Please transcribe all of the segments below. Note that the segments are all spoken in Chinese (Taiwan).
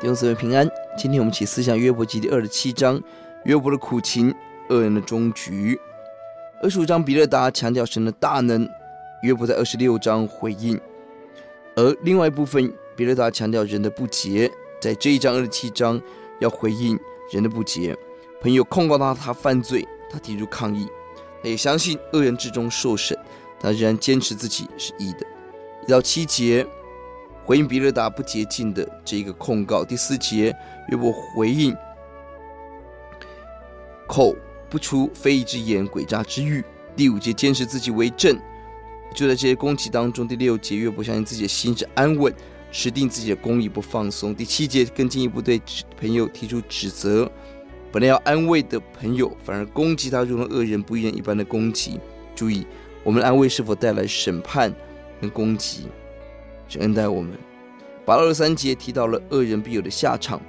弟兄姊妹平安，今天我們一起思想約伯記第二十七章，約伯的苦情，惡人的終局。二十五章比勒達強調神的大能，約伯在二十六章回應；而另外一部分比勒達強調人的不潔，在這一章二十七章要回應人的不潔。朋友控告他，他犯罪，他提出抗議，他也相信惡人至終受審，他仍然堅持自己是義的。一到七節。回應比勒達不潔淨的這一個控告。第四節約伯回應，口不出非義之言，詭詐之語。第五節堅持自己為正，就在這些攻擊當中。第六節約伯相信自己的心是安穩，持定自己的公義不放鬆。第七節更進一步對朋友提出指責，本來要安慰的朋友反而攻擊他，如同惡人不義人一般的攻擊。注意，我們的安慰是否帶來審判跟攻擊？就恩待我們。八二三節提到了惡人必有的下場，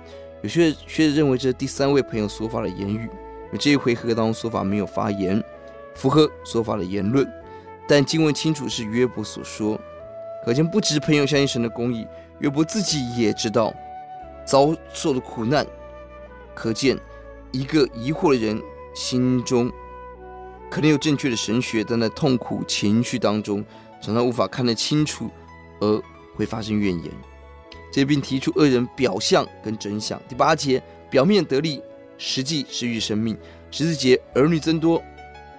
有些學者認為這是第三位朋友瑣法的言語。因為這一回合當中，瑣法沒有發言，符合瑣法的言論。但經文清楚是約伯所說，可見不只是朋友相信神的公義，約伯自己也知道遭受的苦難。可見，一個疑惑的人心中可能有正確的神學，但在痛苦情緒當中，常常無法看得清楚。而會發生怨言，這並提出惡人表象跟真相。第八節，表面得利，實際失去生命；十四節，兒女增多，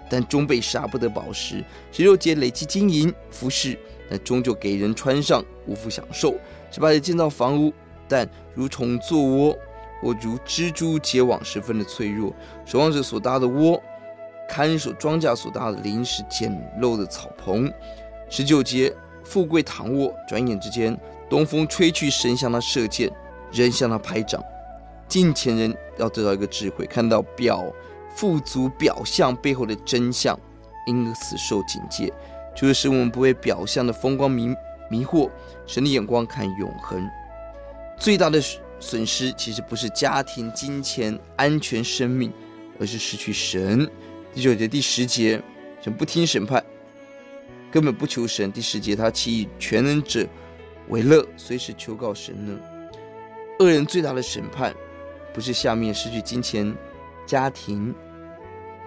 但終被殺不得飽食。十六節，累積金銀服飾，但終究給人穿上無福享受；十八節，建造房屋，但如蟲作窩或如蜘蛛結網，十分的脆弱。守望者所搭的窩，看守莊稼所搭的臨時簡陋的草棚；十九節。富貴躺臥，轉眼之間，東風吹去，神向他射箭，人向他拍掌。敬虔人要得到一個智慧，看到表富足表象背後的真相，因此受警戒，求主使我們不被表象的風光迷迷惑。神的眼光看永恆，最大的損失其實不是家庭、金錢、安全、生命，而是失去神。第九節、第十節，神不聽審判。根本不求神。第十節，他豈以全能者為樂，隨時求告神呢？惡人最大的審判，不是下面失去金錢、家庭、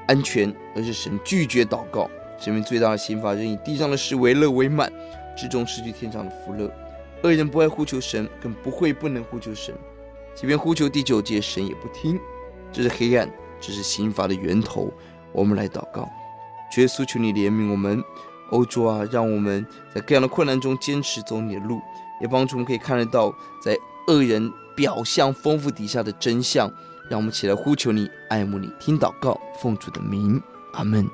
安全，而是神拒絕禱告。生命中最大的刑罰，人以地上的事為樂為滿，至終失去天上的福樂。惡人不愛呼求神，更不會不能呼求神。即便呼求第九節，神也不聽。這是黑暗，這是刑罰的源頭。我們來禱告，卻苏求你憐憫我們。哦主啊，讓我們在各樣的困難中堅持走你的路，也幫助我們可以看得到在惡人表象豐富底下的真相。讓我們起來呼求你，愛慕你，聽禱告，奉主的名，阿門。